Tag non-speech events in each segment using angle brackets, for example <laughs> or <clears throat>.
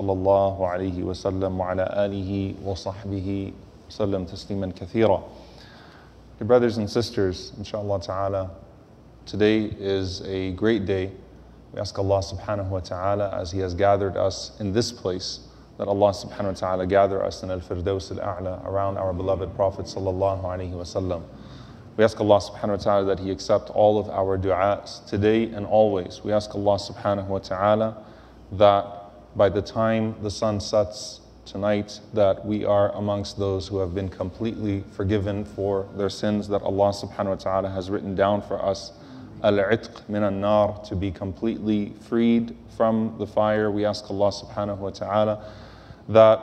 صلى الله عليه وسلم وعلى آله وصحبه وسلم تسليما كثيرا Dear brothers and sisters, inshallah ta'ala, today is a great day. We ask Allah subhanahu wa ta'ala as He has gathered us in this place, that Allah subhanahu wa ta'ala gather us in al-firdaus al-a'la around our beloved Prophet sallallahu alayhi wa sallam. We ask Allah subhanahu wa ta'ala that He accept all of our du'as today and always. We ask Allah subhanahu wa ta'ala that by the time the sun sets tonight that we are amongst those who have been completely forgiven for their sins that Allah subhanahu wa ta'ala has written down for us. Al-itq min nar to be completely freed from the fire. We ask Allah subhanahu wa ta'ala that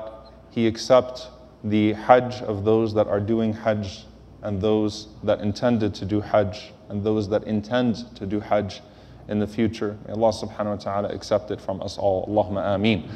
He accept the hajj of those that are doing hajj and those that intended to do hajj and those that intend to do hajj in the future. May Allah subhanahu wa ta'ala accept it from us all. Allahumma ameen.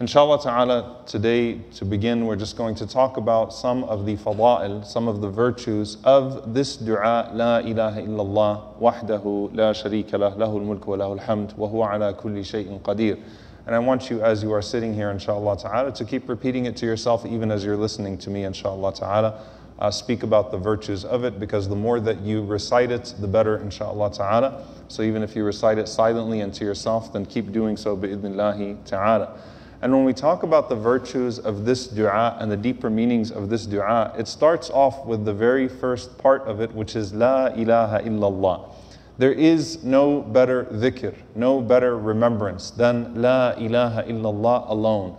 Inshallah ta'ala, today to begin, we're just going to talk about some of the fada'il, some of the virtues of this dua, La ilaha illallah, wahdahu, la sharika lah, lahul mulk wa lahul hamd, wa huwa ala kulli shay'in qadir. And I want you, as you are sitting here, inshallah ta'ala, to keep repeating it to yourself, even as you're listening to me, inshallah ta'ala uh, speak about the virtues of it because the more that you recite it, the better, inshaAllah ta'ala. So even if you recite it silently and to yourself, then keep doing so bi'idnillahi ta'ala. And when we talk about the virtues of this dua and the deeper meanings of this dua, it starts off with the very first part of it, which is La ilaha illallah. There is no better dhikr, no better remembrance than La ilaha illallah alone.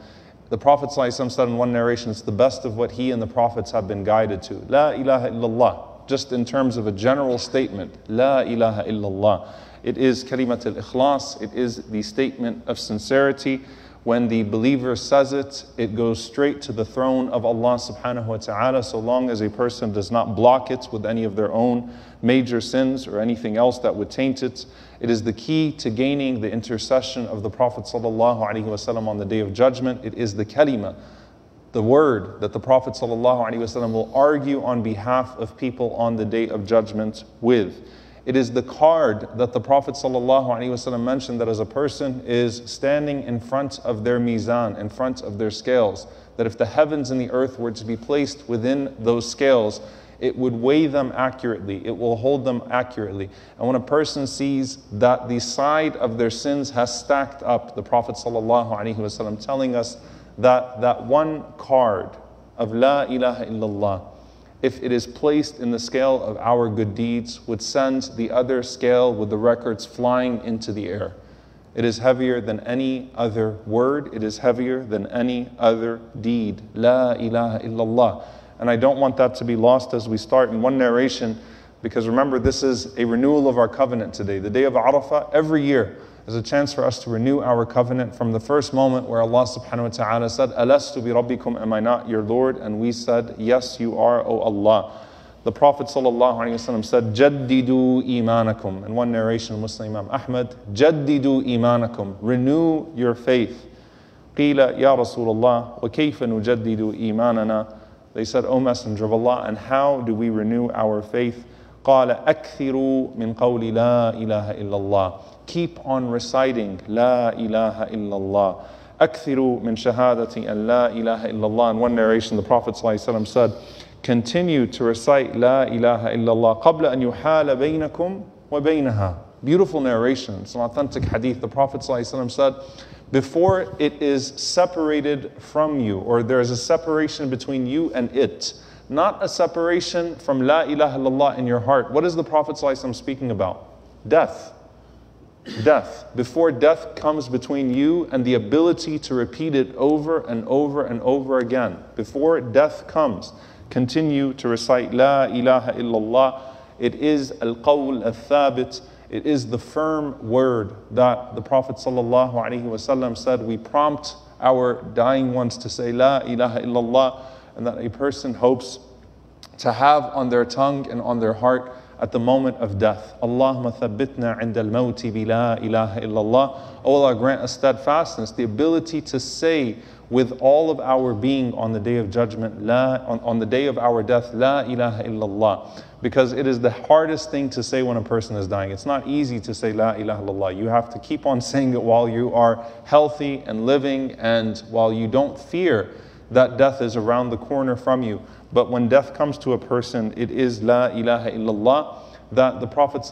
The Prophet said in one narration, it's the best of what he and the Prophets have been guided to. La ilaha illallah. Just in terms of a general statement, La ilaha illallah. It is kalimat al ikhlas, it is the statement of sincerity. When the believer says it, it goes straight to the throne of Allah subhanahu wa ta'ala, so long as a person does not block it with any of their own major sins or anything else that would taint it. It is the key to gaining the intercession of the Prophet sallallahu alaihi wasallam on the day of judgment. It is the kalima, the word that the Prophet sallallahu alaihi wasallam will argue on behalf of people on the day of judgment with. It is the card that the Prophet ﷺ mentioned that as a person is standing in front of their mizan, in front of their scales, that if the heavens and the earth were to be placed within those scales, it would weigh them accurately, it will hold them accurately. And when a person sees that the side of their sins has stacked up, the Prophet ﷺ telling us that that one card of La ilaha illallah if it is placed in the scale of our good deeds, would send the other scale with the records flying into the air. It is heavier than any other word. It is heavier than any other deed. La ilaha illallah. And I don't want that to be lost as we start in one narration, because remember, this is a renewal of our covenant today. The day of Arafah, every year, as a chance for us to renew our covenant from the first moment where Allah subhanahu wa ta'ala said, Alastu bi rabbikum, am I not your Lord? And we said, Yes, you are, O Allah. The Prophet Wasallam said, Jaddidu imanakum. In one narration, Muslim Imam Ahmad, Jaddidu imanakum, renew your faith. Qila, Ya Rasulullah, wa kayfa nujaddidu imanana? They said, O Messenger of Allah, and how do we renew our faith? قال أكثروا من قول لا إله إلا الله keep on reciting La ilaha illallah. Akthiru min shahadati an la ilaha illallah. In one narration, the Prophet ﷺ said, continue to recite La ilaha illallah qabla an yuhala baynakum wa baynaha. Beautiful narration. It's an authentic hadith. The Prophet ﷺ said, before it is separated from you, or there is a separation between you and it. Not a separation from La ilaha illallah in your heart. What is the Prophet ﷺ speaking about? Death death, before death comes between you and the ability to repeat it over and over and over again. Before death comes, continue to recite La ilaha illallah. It is al qawl al thabit. It is the firm word that the Prophet wasallam said, We prompt our dying ones to say La ilaha illallah, and that a person hopes to have on their tongue and on their heart at the moment of death. Allahumma thabbitna inda al-mawti bila ilaha illallah. O oh Allah, grant us steadfastness, the ability to say with all of our being on the day of judgment, la, on, on the day of our death, la ilaha illallah. Because it is the hardest thing to say when a person is dying. It's not easy to say la ilaha illallah. You have to keep on <laughs> saying it while you are healthy and living and while you don't fear that death is around the corner from you. But when death comes to a person, it is La ilaha illallah that the Prophet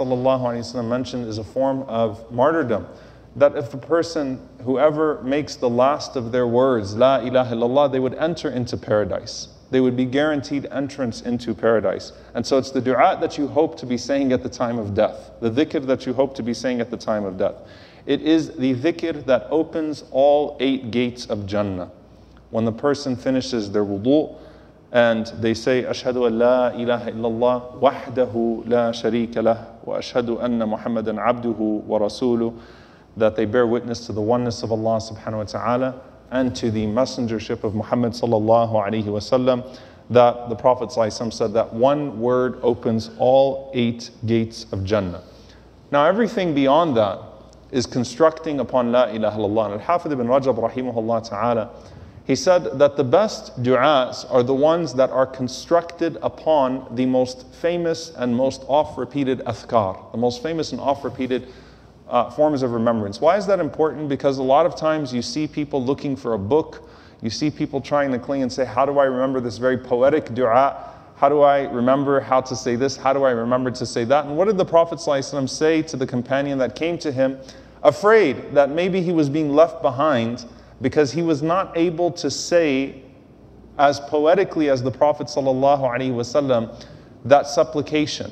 mentioned is a form of martyrdom. That if the person, whoever makes the last of their words, La ilaha illallah, they would enter into paradise. They would be guaranteed entrance into paradise. And so it's the dua that you hope to be saying at the time of death, the dhikr that you hope to be saying at the time of death. It is the dhikr that opens all eight gates of Jannah. When the person finishes their wudu and they say, Ashhadu an la ilaha illallah, wahdahu la sharika lah, wa ashhadu anna Muhammadan abduhu wa rasulu," that they bear witness to the oneness of Allah subhanahu wa ta'ala and to the messengership of Muhammad sallallahu alayhi wasallam, that the Prophet said that one word opens all eight gates of Jannah. Now everything beyond that is constructing upon La ilaha illallah. Al-Hafidh ibn Rajab rahimahullah ta'ala he said that the best du'as are the ones that are constructed upon the most famous and most oft repeated athkar, the most famous and oft repeated uh, forms of remembrance. Why is that important? Because a lot of times you see people looking for a book, you see people trying to cling and say, How do I remember this very poetic du'a? How do I remember how to say this? How do I remember to say that? And what did the Prophet ﷺ say to the companion that came to him, afraid that maybe he was being left behind? because he was not able to say as poetically as the Prophet ﷺ that supplication.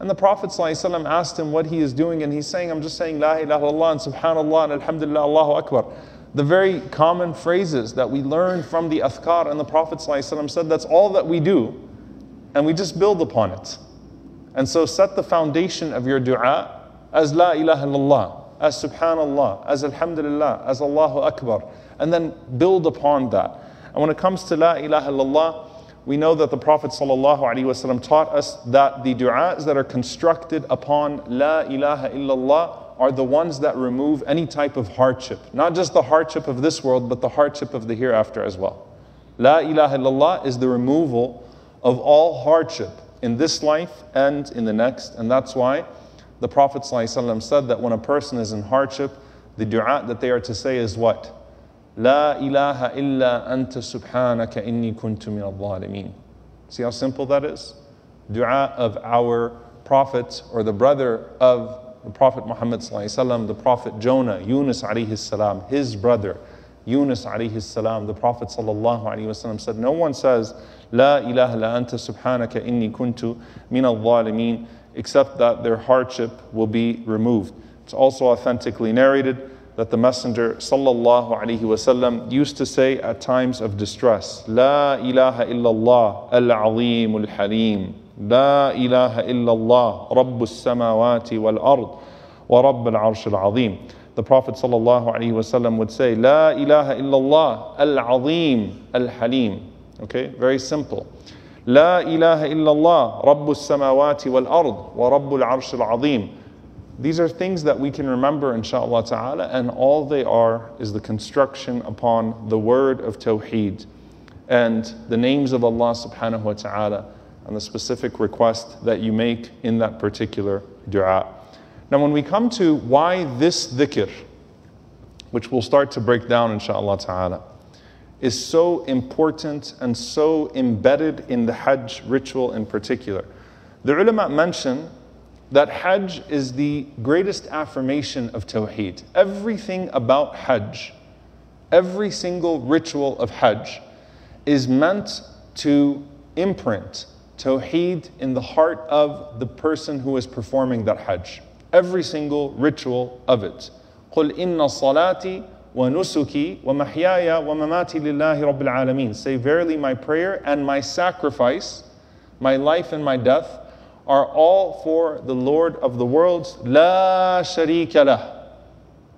And the Prophet ﷺ asked him what he is doing, and he's saying, I'm just saying La ilaha illallah and subhanallah and alhamdulillah, Allahu Akbar. The very common phrases that we learn from the Athkar and the Prophet ﷺ said that's all that we do, and we just build upon it. And so set the foundation of your dua as La ilaha illallah, as subhanallah, as alhamdulillah, as Allahu Akbar and then build upon that. And when it comes to La ilaha illallah, we know that the Prophet ﷺ taught us that the du'as that are constructed upon La ilaha illallah are the ones that remove any type of hardship. Not just the hardship of this world, but the hardship of the hereafter as well. La ilaha illallah is the removal of all hardship in this life and in the next. And that's why the Prophet ﷺ said that when a person is in hardship, the dua that they are to say is what? لا إله إلا أنت سبحانك إني كنت من الظالمين. See how simple that is? Dua of our prophet or the brother of the Prophet Muhammad وسلم, the Prophet Jonah, Yunus عليه السلام, his brother, Yunus عليه السلام, the Prophet sallallahu alayhi wasallam said, no one says, لا إله إلا أنت سبحانك إني كنت من الظالمين except that their hardship will be removed. It's also authentically narrated that the Messenger sallallahu alaihi wasallam used to say at times of distress. La ilaha illallah al azim al haleem La ilaha illallah rabbu samawati wal ard wa rabb al arsh al azim. The Prophet sallallahu alaihi wasallam would say La ilaha illallah al azim al haleem Okay, very simple. La ilaha illallah rabbu samawati wal ard wa rabb al arsh al azim. These are things that we can remember, inshallah ta'ala, and all they are is the construction upon the word of Tawheed and the names of Allah subhanahu wa ta'ala and the specific request that you make in that particular dua. Now, when we come to why this dhikr, which we'll start to break down, inshallah ta'ala, is so important and so embedded in the Hajj ritual in particular. The ulama mention that Hajj is the greatest affirmation of Tawheed. Everything about Hajj, every single ritual of Hajj, is meant to imprint Tawheed in the heart of the person who is performing that Hajj. Every single ritual of it. قُلْ إِنَّ صَلَاتِي وَنُسُكِي وَمَحْيَايَ وَمَمَاتِي لِلَّهِ رَبِّ الْعَالَمِينَ Say, verily my prayer and my sacrifice, my life and my death, are all for the Lord of the worlds, La Sharika lah.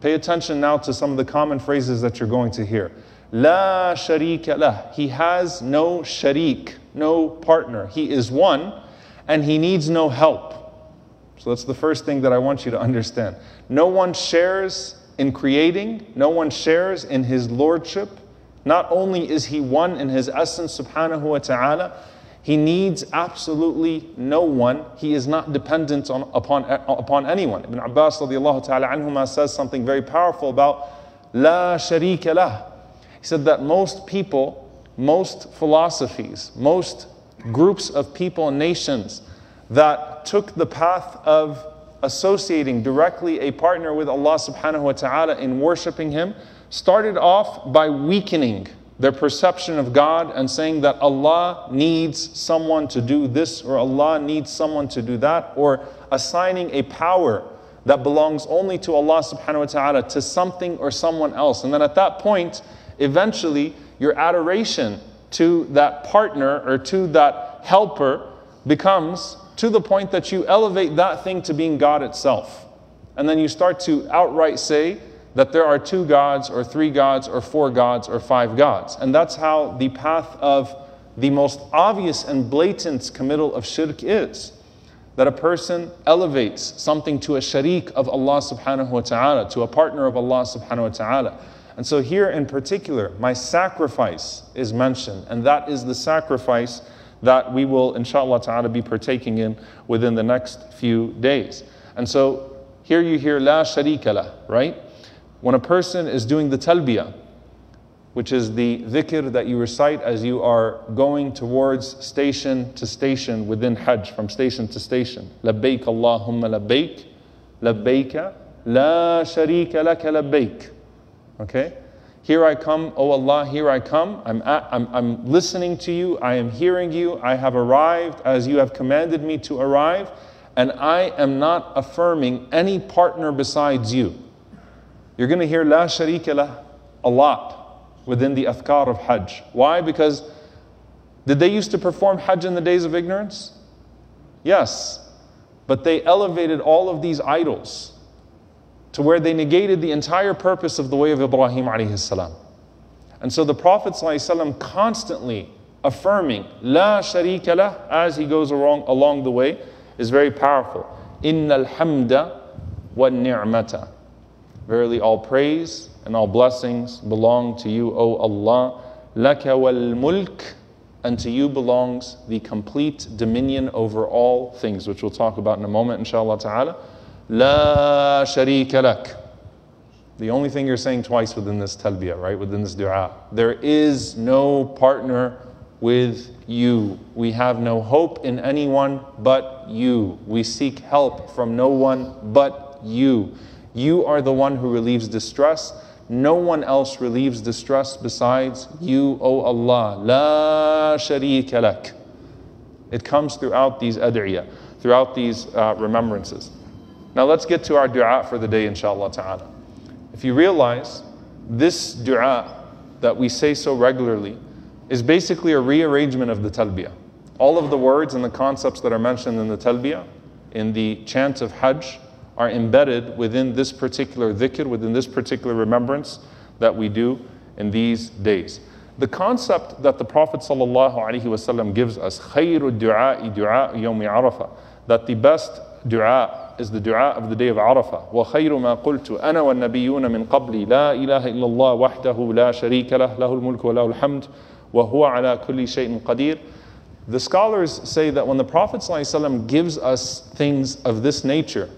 Pay attention now to some of the common phrases that you're going to hear. La Sharika lah. He has no sharik, no partner. He is one and he needs no help. So that's the first thing that I want you to understand. No one shares in creating, no one shares in his lordship. Not only is he one in his essence, subhanahu wa ta'ala, he needs absolutely no one. He is not dependent on, upon, upon anyone. Ibn Abbas radiallahu ta'ala anhuma says something very powerful about La sharika lah. He said that most people, most philosophies, most groups of people and nations that took the path of associating directly a partner with Allah subhanahu wa ta'ala in worshiping Him started off by weakening their perception of God and saying that Allah needs someone to do this or Allah needs someone to do that or assigning a power that belongs only to Allah subhanahu wa ta'ala to something or someone else. And then at that point, eventually your adoration to that partner or to that helper becomes to the point that you elevate that thing to being God itself. And then you start to outright say, that there are two gods or three gods or four gods or five gods. And that's how the path of the most obvious and blatant committal of shirk is. That a person elevates something to a sharik of Allah subhanahu wa ta'ala, to a partner of Allah subhanahu wa ta'ala. And so here in particular, my sacrifice is mentioned, and that is the sacrifice that we will, inshallah ta'ala, be partaking in within the next few days. And so here you hear la sharikala, right? When a person is doing the talbiyah, which is the dhikr that you recite as you are going towards station to station within Hajj, from station to station. Labbaik Allahumma labbaik, labbaika, la sharika laka labbaik. Okay? Here I come, O Allah, here I come. I'm, at, I'm, I'm listening to you, I am hearing you, I have arrived as you have commanded me to arrive, and I am not affirming any partner besides you. You're going to hear La Sharika lah a lot within the Athkar of Hajj. Why? Because did they used to perform Hajj in the days of ignorance? Yes. But they elevated all of these idols to where they negated the entire purpose of the way of Ibrahim alayhi salam. And so the Prophet ﷺ constantly affirming La sharika lah as he goes along, along the way is very powerful. Inna al-hamda wa ni'mata. Verily, all praise and all blessings belong to you, O Allah. Laka wal mulk. Unto you belongs the complete dominion over all things, which we'll talk about in a moment, inshallah ta'ala. La sharika lak. The only thing you're saying twice within this talbiyah, right? Within this dua. There is no partner with you. We have no hope in anyone but you. We seek help from no one but you. You are the one who relieves distress. No one else relieves distress besides you, O Allah. La sharika lak. It comes throughout these ad'iyah, throughout these uh, remembrances. Now let's get to our dua for the day, inshallah ta'ala. If you realize this dua that we say so regularly is basically a rearrangement of the talbiyah. All of the words and the concepts that are mentioned in the talbiyah, in the chant of Hajj, are embedded within this particular dhikr, within this particular remembrance that we do in these days. The concept that the Prophet ﷺ gives us, خير الدعاء دعاء يوم عرفة, that the best دعاء is the دعاء of the day of عرفة. وخير ما قلت أنا والنبيون من قبلي لا إله إلا الله وحده لا شريك له له الملك وله الحمد وهو على كل شيء قدير. The scholars say that when the Prophet ﷺ gives us things of this nature,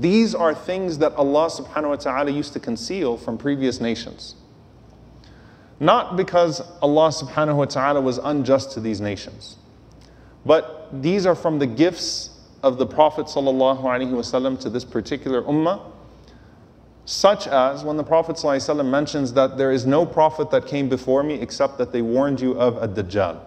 these are things that Allah subhanahu wa ta'ala used to conceal from previous nations. Not because Allah subhanahu wa ta'ala was unjust to these nations, but these are from the gifts of the Prophet sallallahu alaihi wasallam to this particular ummah, such as when the Prophet sallallahu alaihi wasallam mentions that there is no prophet that came before me except that they warned you of a dajjal.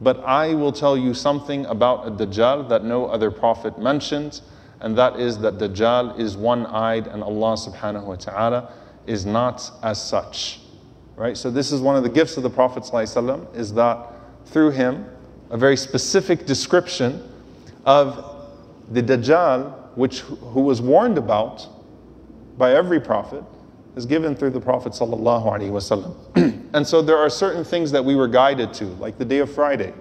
But I will tell you something about a dajjal that no other prophet mentions and that is that Dajjal is one eyed and Allah subhanahu wa ta'ala is not as such. Right? So, this is one of the gifts of the Prophet is that through him, a very specific description of the Dajjal, which who was warned about by every prophet, is given through the Prophet sallallahu alaihi wasallam. <clears throat> and so there are certain things that we were guided to, like the day of Friday.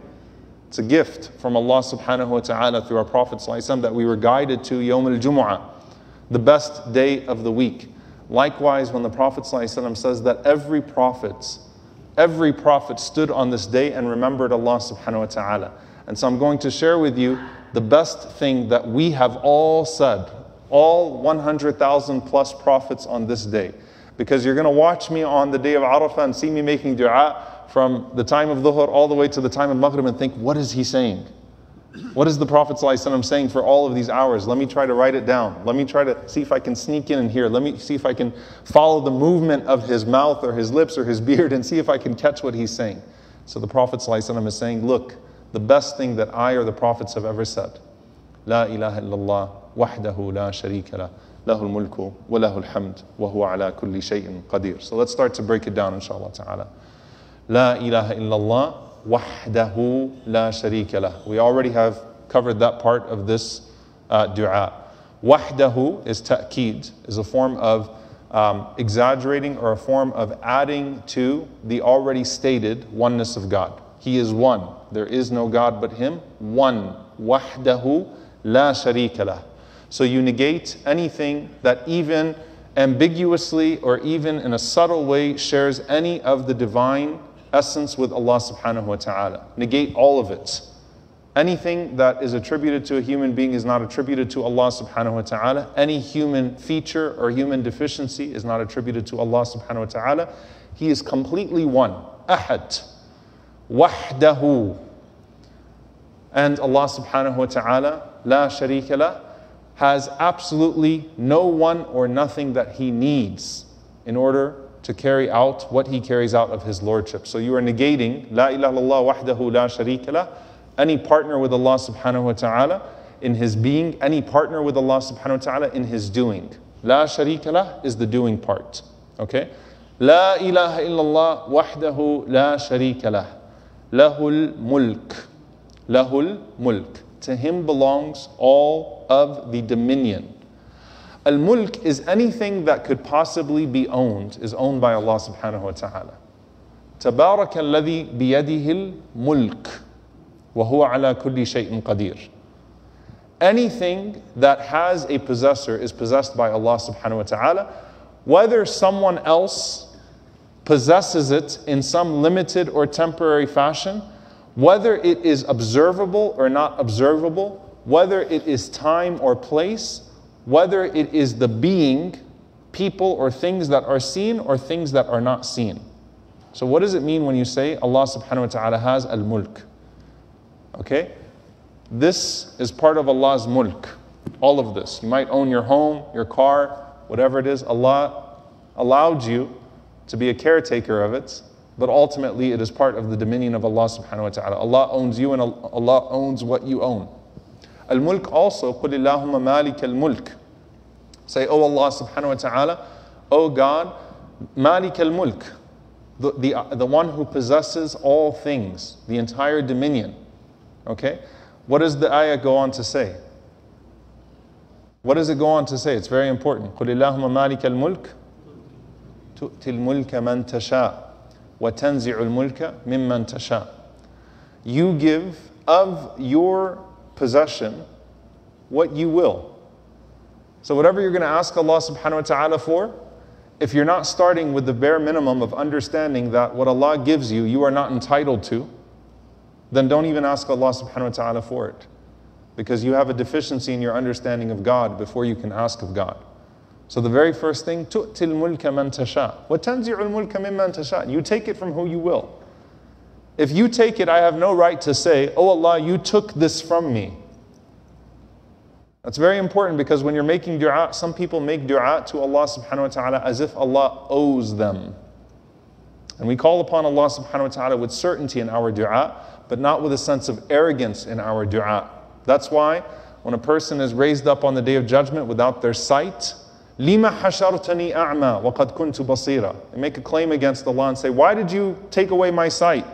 It's a gift from Allah subhanahu wa ta'ala through our Prophet that we were guided to Yawm al Jumu'ah, the best day of the week. Likewise, when the Prophet says that every prophet, every prophet stood on this day and remembered Allah subhanahu wa ta'ala. And so I'm going to share with you the best thing that we have all said, all 100,000 plus prophets on this day. Because you're going to watch me on the day of Arafah and see me making dua from the time of Dhuhr all the way to the time of Maghrib and think, what is he saying? What is the Prophet ﷺ saying for all of these hours? Let me try to write it down. Let me try to see if I can sneak in and hear. Let me see if I can follow the movement of his mouth or his lips or his <laughs> beard and see if I can catch what he's saying. So the Prophet ﷺ is saying, Look, the best thing that I or the Prophets have ever said. La ilaha illallah, wahdahu la sharika la, lahul mulku, wa lahul hamd, wa huwa ala kulli shay'in qadir. So let's start to break it down, inshallah ta'ala. La ilaha illallah wahdahu la sharika lah. We already have covered that part of this uh, dua. Wahdahu is ta'keed, is a form of um, exaggerating or a form of adding to the already stated oneness of God. He is one. There is no God but Him. One. Wahdahu la sharika lah. So you negate anything that even ambiguously or even in a subtle way shares any of the divine essence with Allah subhanahu wa ta'ala. Negate all of it. Anything that is attributed to a human being is not attributed to Allah subhanahu wa ta'ala. Any human feature or human deficiency is not attributed to Allah subhanahu wa ta'ala. He is completely one. Ahad. Wahdahu. And Allah subhanahu wa ta'ala, la sharika la, has absolutely no one or nothing that he needs in order to carry out what he carries out of his lordship. So you are negating La ilaha illallah wahdahu la sharika lah, any partner with Allah subhanahu wa ta'ala in his being, any partner with Allah subhanahu wa ta'ala in his doing. La sharika lah is the doing part. Okay? La ilaha illallah wahdahu la sharika lah. Lahul mulk. Lahul mulk. To him belongs all of the dominion. Al mulk is anything that could possibly be owned, is owned by Allah subhanahu wa ta'ala. تبارك الذي بيده الملك وهو على كل شيء قدير. Anything that has a possessor is possessed by Allah subhanahu wa ta'ala. Whether someone else possesses it in some limited or temporary fashion, whether it is observable or not observable, whether it is time or place, whether it is the being, people, or things that are seen or things that are not seen. So, what does it mean when you say Allah subhanahu wa ta'ala has al mulk? Okay? This is part of Allah's mulk. All of this. You might own your home, your car, whatever it is. Allah allowed you to be a caretaker of it, but ultimately it is part of the dominion of Allah subhanahu wa ta'ala. Allah owns you and Allah owns what you own. Al-Mulk also, قُلِ اللَّهُمَّ مَالِكَ الْمُلْك Say, O oh Allah subhanahu wa ta'ala, O oh God, Malik al-Mulk, the, the, the one who possesses all things, the entire dominion. Okay? What does the ayah go on to say? What does it go on to say? It's very important. قُلِ اللَّهُمَّ مَالِكَ الْمُلْكِ تُؤْتِ الْمُلْكَ مَنْ تَشَاءُ وَتَنْزِعُ الْمُلْكَ مِمَّنْ تَشَاءُ You give of your possession what you will. So, whatever you're going to ask Allah subhanahu wa ta'ala for, if you're not starting with the bare minimum of understanding that what Allah gives you, you are not entitled to, then don't even ask Allah subhanahu wa ta'ala for it. Because you have a deficiency in your understanding of God before you can ask of God. So the very first thing, تُؤْتِ الْمُلْكَ مَنْ تَشَاءُ وَتَنْزِعُ الْمُلْكَ مِمَّنْ تَشَاءُ You take it from who you will. If you take it, I have no right to say, Oh Allah, you took this from me. That's very important because when you're making dua, some people make dua to Allah subhanahu wa ta'ala as if Allah owes them. And we call upon Allah subhanahu wa ta'ala with certainty in our dua, but not with a sense of arrogance in our dua. That's why when a person is raised up on the day of judgment without their sight, Lima hashartani a'ma wa qad kuntu basira. They make a claim against Allah and say, Why did you take away my sight?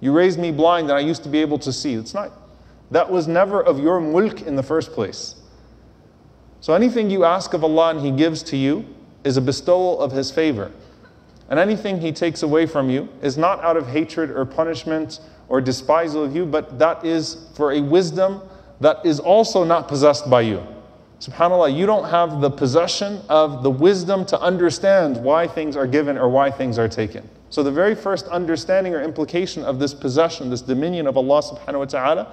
You raised me blind and I used to be able to see. It's not, that was never of your mulk in the first place. So anything you ask of Allah and He gives to you is a bestowal of His favor. And anything He takes away from you is not out of hatred or punishment or despisal of you, but that is for a wisdom that is also not possessed by you. SubhanAllah, you don't have the possession of the wisdom to understand why things are given or why things are taken. So the very first understanding or implication of this possession, this dominion of Allah subhanahu wa ta'ala,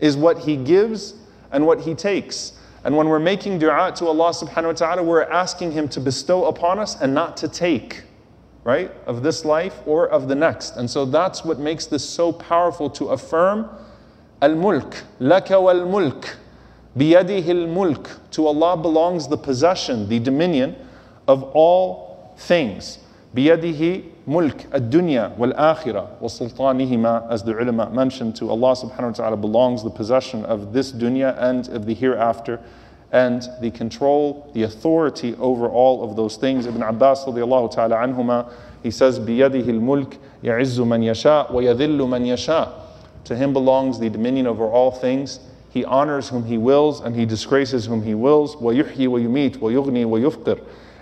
is what He gives and what He takes. And when we're making dua to Allah subhanahu wa ta'ala, we're asking Him to bestow upon us and not to take, right? Of this life or of the next. And so that's what makes this so powerful to affirm Al-Mulk, Laka wal-Mulk, Biyadihi al-Mulk. To Allah belongs the possession, the dominion of all things. بيده ملك الدنيا والآخرة وسلطانهما as the ulama mentioned to Allah subhanahu wa ta'ala belongs the possession of this dunya and of the hereafter and the control, the authority over all of those things. Ibn Abbas radiallahu ta'ala anhuma, he says, بِيَدِهِ الْمُلْكِ يَعِزُّ مَنْ يَشَاءُ وَيَذِلُّ مَنْ يَشَاءُ To him belongs the dominion over all things. He honors whom he wills and he disgraces whom he wills. وَيُحْيِي وَيُمِيتُ وَيُغْنِي وَيُفْقِرُ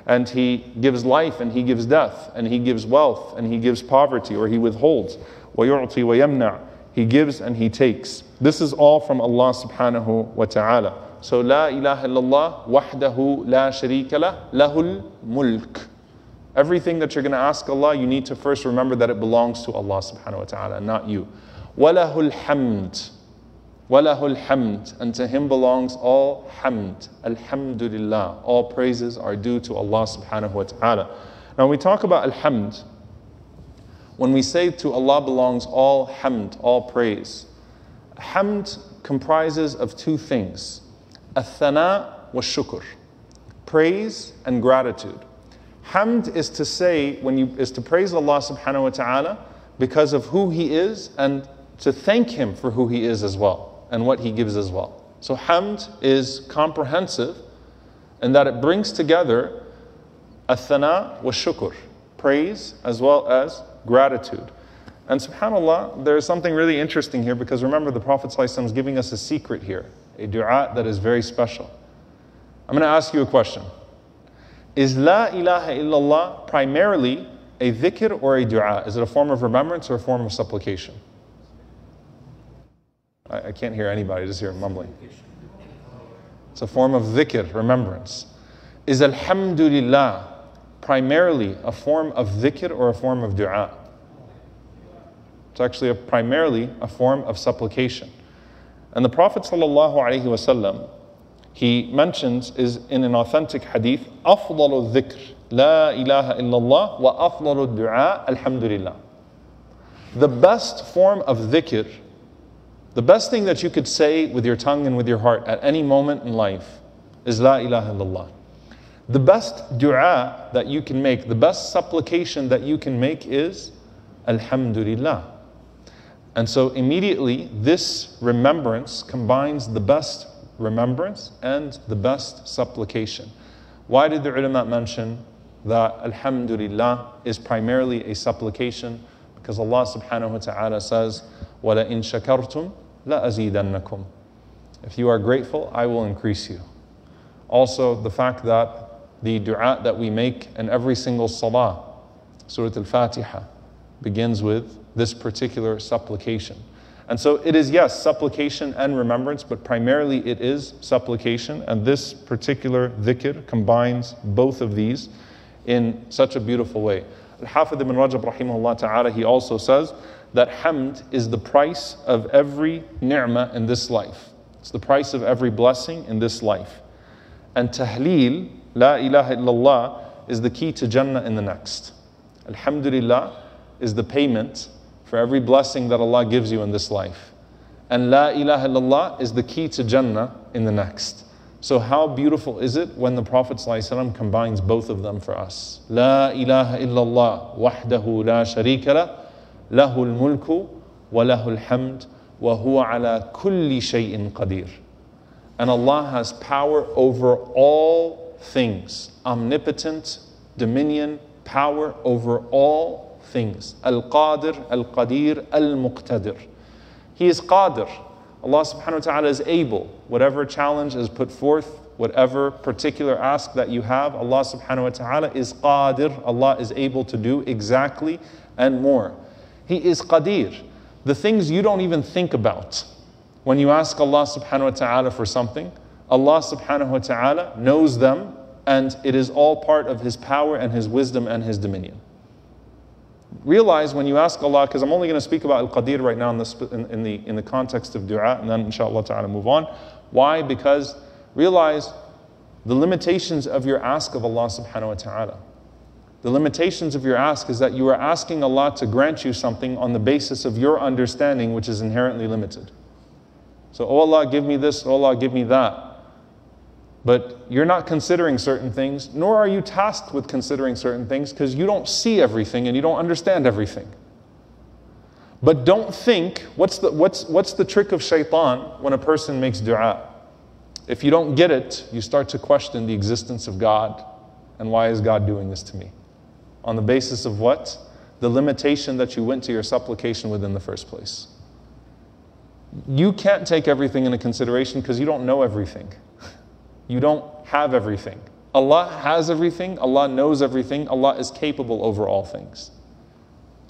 and he gives life and he gives death and he gives wealth and he gives poverty or he withholds he gives and he takes this is all from Allah subhanahu wa ta'ala so la ilaha illallah wahdahu la sharika lah lahul mulk everything that you're going to ask Allah you need to first remember that it belongs to Allah subhanahu wa ta'ala not you walahul hamd Walahul hamd, and to him belongs all hamd. Alhamdulillah. All praises are due to Allah subhanahu wa ta'ala. Now we talk about alhamd, when we say to Allah belongs all hamd, all praise, hamd comprises of two things, athana wa shukr, praise and gratitude. Hamd is to say, when you, is to praise Allah subhanahu wa ta'ala because of who He is and to thank Him for who He is as well and what He gives as well. So, hamd is comprehensive in that it brings together athana wa shukr, praise as well as gratitude. And subhanAllah, there is something really interesting here because remember the Prophet is giving us a secret here, a dua that is very special. I'm going to ask you a question. Is La ilaha illallah primarily a dhikr or a dua? Is it a form of remembrance or a form of supplication? I, I can't hear anybody, I just hear mumbling. It's a form of dhikr, remembrance. Is alhamdulillah primarily a form of dhikr or a form of dua? It's actually a, primarily a form of supplication. And the Prophet ﷺ, he mentions is in an authentic hadith, أفضل الذكر لا إله إلا الله وأفضل الدعاء الحمد لله. The best form of dhikr the best thing that you could say with your tongue and with your heart at any moment in life is La ilaha illallah. The best dua that you can make, the best supplication that you can make is Alhamdulillah. And so immediately this remembrance combines the best remembrance and the best supplication. Why did the ulama mention that Alhamdulillah is primarily a supplication? Because Allah subhanahu wa ta'ala says, وَلَئِن شَكَرْتُمْ if you are grateful, I will increase you. Also, the fact that the dua that we make in every single salah, Surah Al Fatiha, begins with this particular supplication. And so it is, yes, supplication and remembrance, but primarily it is supplication. And this particular dhikr combines both of these in such a beautiful way. Al Hafid ibn Rajab, rahimahullah ta'ala, he also says, that hamd is the price of every ni'mah in this life. It's the price of every blessing in this life. And tahleel, la ilaha illallah, is the key to Jannah in the next. Alhamdulillah is the payment for every blessing that Allah gives you in this life. And la ilaha illallah is the key to Jannah in the next. So, how beautiful is it when the Prophet combines both of them for us? La ilaha illallah wahdahu la sharika له الملك وله الحمد وهو على كل شيء قدير. And Allah has power over all things, omnipotent, dominion, power over all things. Al-Qadir, Al-Qadir, Al-Muqtadir. He is Qadir. Allah subhanahu wa ta'ala is able. Whatever challenge is put forth, whatever particular ask that you have, Allah subhanahu wa ta'ala is qadir. Allah is able to do exactly and more. He is Qadir. The things you don't even think about. When you ask Allah subhanahu wa ta'ala for something, Allah subhanahu wa ta'ala knows them and it is all part of His power and His wisdom and His dominion. Realize when you ask Allah, because I'm only going to speak about Al Qadir right now in, the in, the, in the context of dua, and then inshallah ta'ala move on. Why? Because realize the limitations of your ask of Allah subhanahu wa ta'ala. The limitations of your ask is that you are asking Allah to grant you something on the basis of your understanding, which is inherently limited. So, oh Allah, give me this, oh Allah, give me that. But you're not considering certain things, nor are you tasked with considering certain things because you don't see everything and you don't understand everything. But don't think, what's the, what's, what's the trick of shaitan when a person makes dua? If you don't get it, you start to question the existence of God and why is God doing this to me? on the basis of what? The limitation that you went to your supplication with in the first place. You can't take everything into consideration because you don't know everything. You don't have everything. Allah has everything, Allah knows everything, Allah is capable over all things.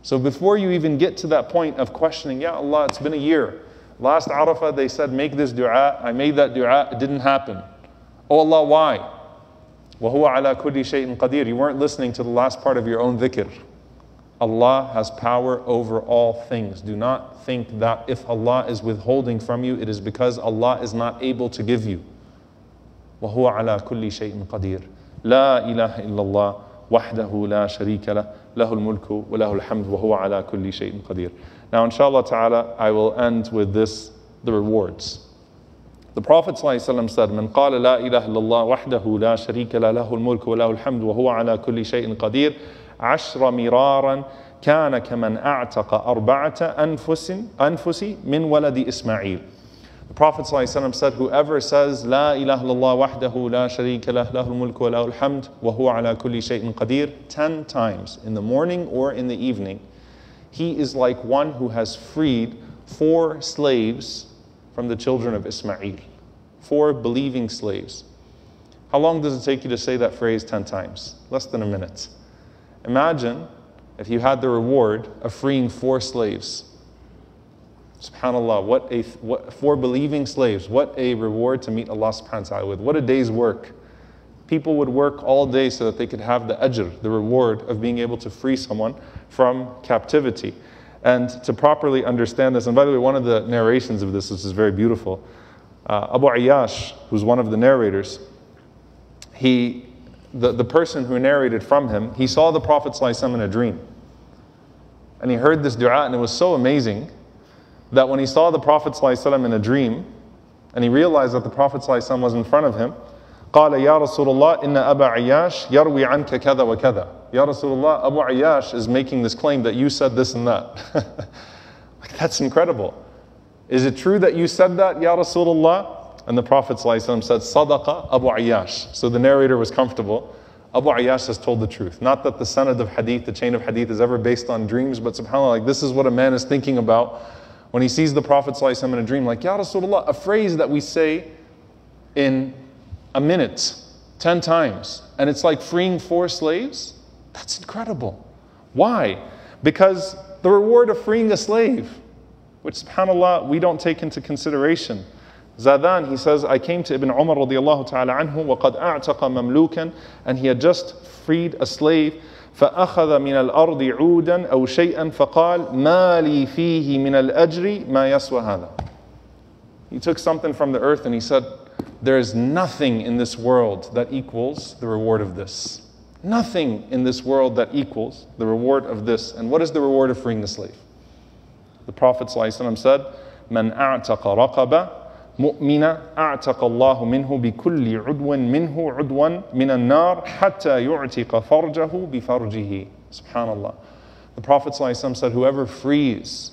So before you even get to that point of questioning, yeah, Allah, it's been a year. Last Arafah, they said, make this dua. I made that dua, it didn't happen. Oh Allah, why? وَهُوَ عَلَى كُلِّ شَيْءٍ قَدِيرٍ You weren't listening to the last part of your own dhikr. Allah has power over all things. Do not think that if Allah is withholding from you, it is because Allah is not able to give you. وهو على كل شيء قدير لا إله إلا الله وحده لا شريك له له الملك وله الحمد وهو على كل شيء قدير Now inshallah ta'ala I will end with this the rewards the Prophet ﷺ said, من قال لا إله إلا الله وحده لا شريك لا له الملك وله الحمد وهو على كل شيء قدير عشر مرارا كان كمن أعتق أربعة أنفس, أنفس من ولد إسماعيل The Prophet ﷺ said, Whoever says, لا إله إلا الله وحده لا شريك له له الملك وله الحمد وهو على كل شيء قدير ten times in the morning or in the evening, he is like one who has freed four slaves from the children of Ismail, four believing slaves. How long does it take you to say that phrase 10 times? Less than a minute. Imagine if you had the reward of freeing four slaves. SubhanAllah, what a, what, four believing slaves, what a reward to meet Allah subhanahu wa ta'ala with. What a day's work. People would work all day so that they could have the ajr, the reward of being able to free someone from captivity. And to properly understand this, and by the way, one of the narrations of this, which is very beautiful, uh, Abu Ayyash, who's one of the narrators, he, the, the person who narrated from him, he saw the Prophet ﷺ in a dream. And he heard this dua, and it was so amazing that when he saw the Prophet ﷺ in a dream, and he realized that the Prophet ﷺ was in front of him, قال يا رسول الله إن أبا عياش يروي عنك كذا وكذا Ya Rasulullah, Abu Ayyash is making this claim that you said this and that. <laughs> like, that's incredible. Is it true that you said that, Ya Rasulullah? And the Prophet said, Sadaqa Abu Ayyash. So the narrator was comfortable. Abu Ayyash has told the truth. Not that the sanad of hadith, the chain of hadith, is ever based on dreams, but subhanAllah, like this is what a man is thinking about when he sees the Prophet in a dream. Like, Ya Rasulullah, a phrase that we say in a minute, 10 times, and it's like freeing four slaves? That's incredible. Why? Because the reward of freeing a slave, which subhanAllah, we don't take into consideration. Zadan, he says, I came to Ibn Umar radiallahu ta'ala anhu, waqad أَعْتَقَ mamlukan, And he had just freed a slave. فأخذ من الأرض عودا أو شيئا فقال ما لي فيه من الأجر ما يسوى هذا. He took something from the earth and he said, there is nothing in this world that equals the reward of this. Nothing in this world that equals the reward of this. And what is the reward of freeing the slave? The Prophet ﷺ said, من أعتق رقبة مؤمنة أعتق الله منه بكل عدو منه عدوا من النار حتى يعتق فرجه بفرجه Subhanallah. The Prophet ﷺ said, Whoever frees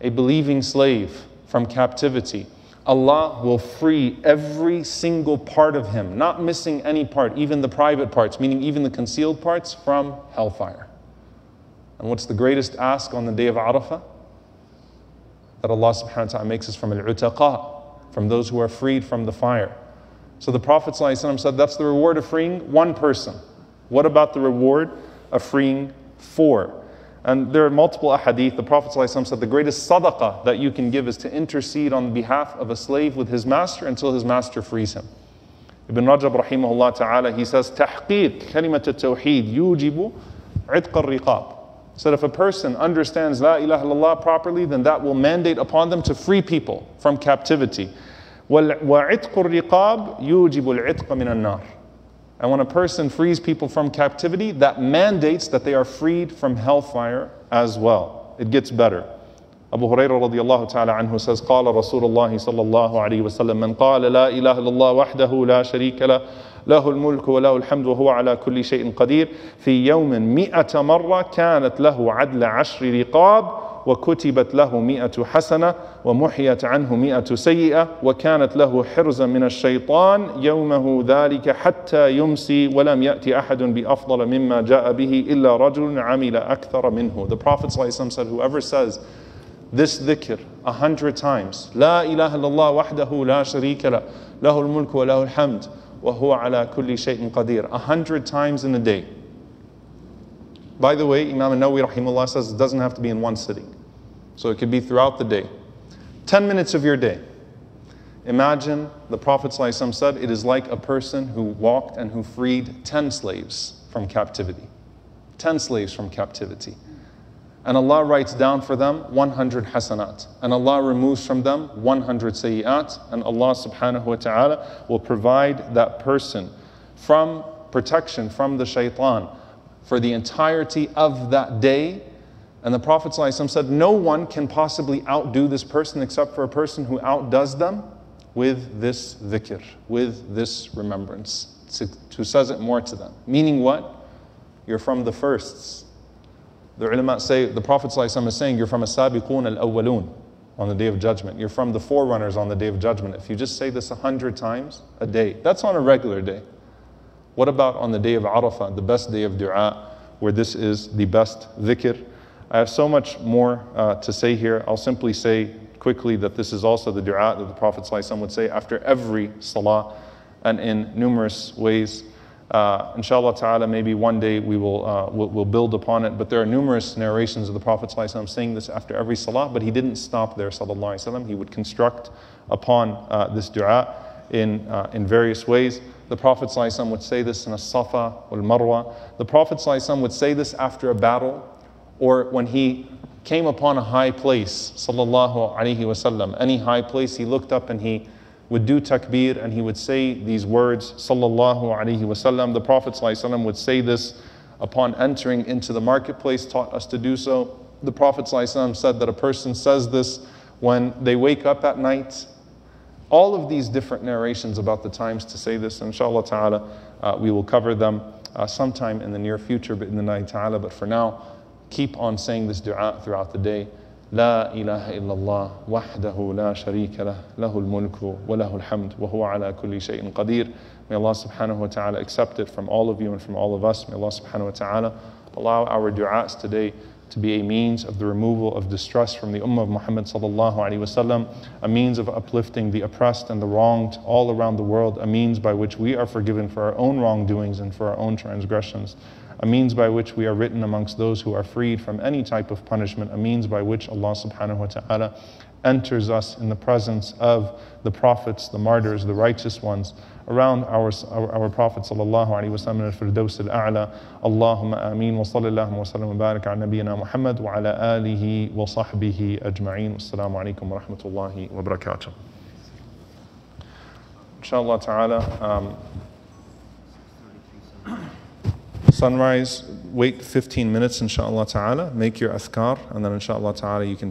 a believing slave from captivity, Allah will free every single part of him, not missing any part, even the private parts, meaning even the concealed parts, from hellfire. And what's the greatest ask on the day of Arafah? That Allah subhanahu wa ta'ala makes us from al-utaqa, from those who are freed from the fire. So the Prophet said that's the reward of freeing one person. What about the reward of freeing four? And there are multiple ahadith. The Prophet ﷺ said the greatest sadaqah that you can give is to intercede on behalf of a slave with his master until his master frees him. Ibn Rajab rahimahullah ta'ala, he says, تحقيق كلمة التوحيد يوجب عتق الرقاب. Said if a person understands La ilaha illallah properly, then that will mandate upon them to free people from captivity. وعتق الرقاب يوجب العتق من النار. And when a person frees people from captivity, that mandates that they are freed from hellfire as well. It gets better. Abu Hurairah radiallahu ta'ala anhu says, قال رسول الله صلى الله عليه وسلم من قال لا إله إلا الله وحده لا شريك له له الملك وله الحمد وهو على كل شيء قدير في يوم مئة مرة كانت له عدل عشر رقاب وكتبت له مئة حسنة ومحيت عنه مئة سيئة وكانت له حرزا من الشيطان يومه ذلك حتى يمسي ولم يأتي أحد بأفضل مما جاء به إلا رجل عمل أكثر منه The Prophet ﷺ said whoever says this dhikr a hundred times لا إله إلا الله وحده لا شريك له له الملك وله الحمد وهو على كل شيء قدير a hundred times in a day By the way, Imam Nawawi rahimullah says it doesn't have to be in one sitting. So it could be throughout the day. 10 minutes of your day. Imagine the Prophet Wasallam said, It is like a person who walked and who freed 10 slaves from captivity. 10 slaves from captivity. And Allah writes down for them 100 hasanat. And Allah removes from them 100 sayyat. And Allah subhanahu wa ta'ala will provide that person from protection from the shaitan, for the entirety of that day. And the Prophet ﷺ said, No one can possibly outdo this person except for a person who outdoes them with this dhikr, with this remembrance, to, who says it more to them. Meaning what? You're from the firsts. The ulama say, the Prophet is saying, You're from a sabiqun al awwalun on the day of judgment. You're from the forerunners on the day of judgment. If you just say this a hundred times a day, that's on a regular day. What about on the day of Arafah, the best day of dua, where this is the best dhikr? I have so much more uh, to say here. I'll simply say quickly that this is also the dua that the Prophet ﷺ would say after every salah and in numerous ways. Uh, inshallah ta'ala, maybe one day we will uh, we'll, we'll, build upon it. But there are numerous narrations of the Prophet ﷺ saying this after every salah, but he didn't stop there, sallallahu He would construct upon uh, this dua in, uh, in various ways. The Prophet ﷺ would say this in a Safa or Marwa. The Prophet ﷺ would say this after a battle or when he came upon a high place, sallallahu any high place, he looked up and he would do takbir and he would say these words, sallallahu The Prophet ﷺ would say this upon entering into the marketplace, taught us to do so. The Prophet ﷺ said that a person says this when they wake up at night all of these different narrations about the times to say this, inshallah ta'ala, uh, we will cover them uh, sometime in the near future, but in the night ta'ala. But for now, keep on saying this dua throughout the day. لا إله إلا الله وحده لا شريك له له الملك وله الحمد وهو على كل شيء قدير May Allah subhanahu wa ta'ala accept it from all of you and from all of us. May Allah subhanahu wa ta'ala allow our du'as today to be a means of the removal of distrust from the Ummah of Muhammad sallallahu a means of uplifting the oppressed and the wronged all around the world, a means by which we are forgiven for our own wrongdoings and for our own transgressions, a means by which we are written amongst those who are freed from any type of punishment, a means by which Allah subhanahu wa ta'ala enters us in the presence of the prophets, the martyrs, the righteous ones, around our, our, our Prophet sallallahu alaihi wasallam al firdaus al a'la. Allahumma ameen wa sallallahu wa sallam wa barik ala nabiyyina Muhammad wa ala alihi wa sahbihi ajma'in. Assalamu alaikum wa rahmatullahi wa barakatuh. Inshallah ta'ala, um, sunrise, wait 15 minutes inshallah ta'ala, make your athkar, and then inshallah ta'ala you can